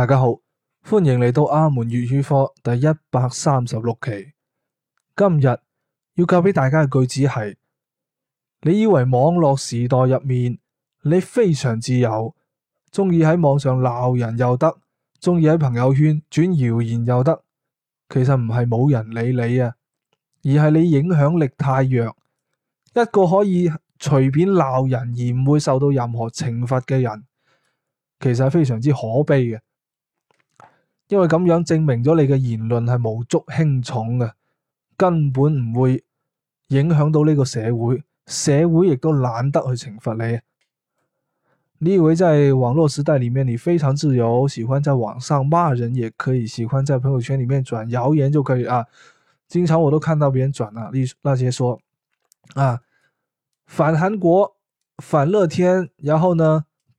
大家好，歡迎嚟到阿門粵語課第一百三十六期。今日要教俾大家嘅句子係：你以為網絡時代入面你非常自由，中意喺網上鬧人又得，中意喺朋友圈轉謠言又得，其實唔係冇人理你啊，而係你影響力太弱。一個可以隨便鬧人而唔會受到任何懲罰嘅人，其實係非常之可悲嘅。因為咁樣證明咗你嘅言論係無足輕重嘅，根本唔會影響到呢個社會，社會亦都懶得去懲罰你。你以為在網絡時代裏面你非常自由，喜歡在網上罵人也可以，喜歡在朋友圈裏面轉謠言就可以啊？經常我都看到別人轉啦、啊，你那些說啊反韓國、反樂天，然後呢？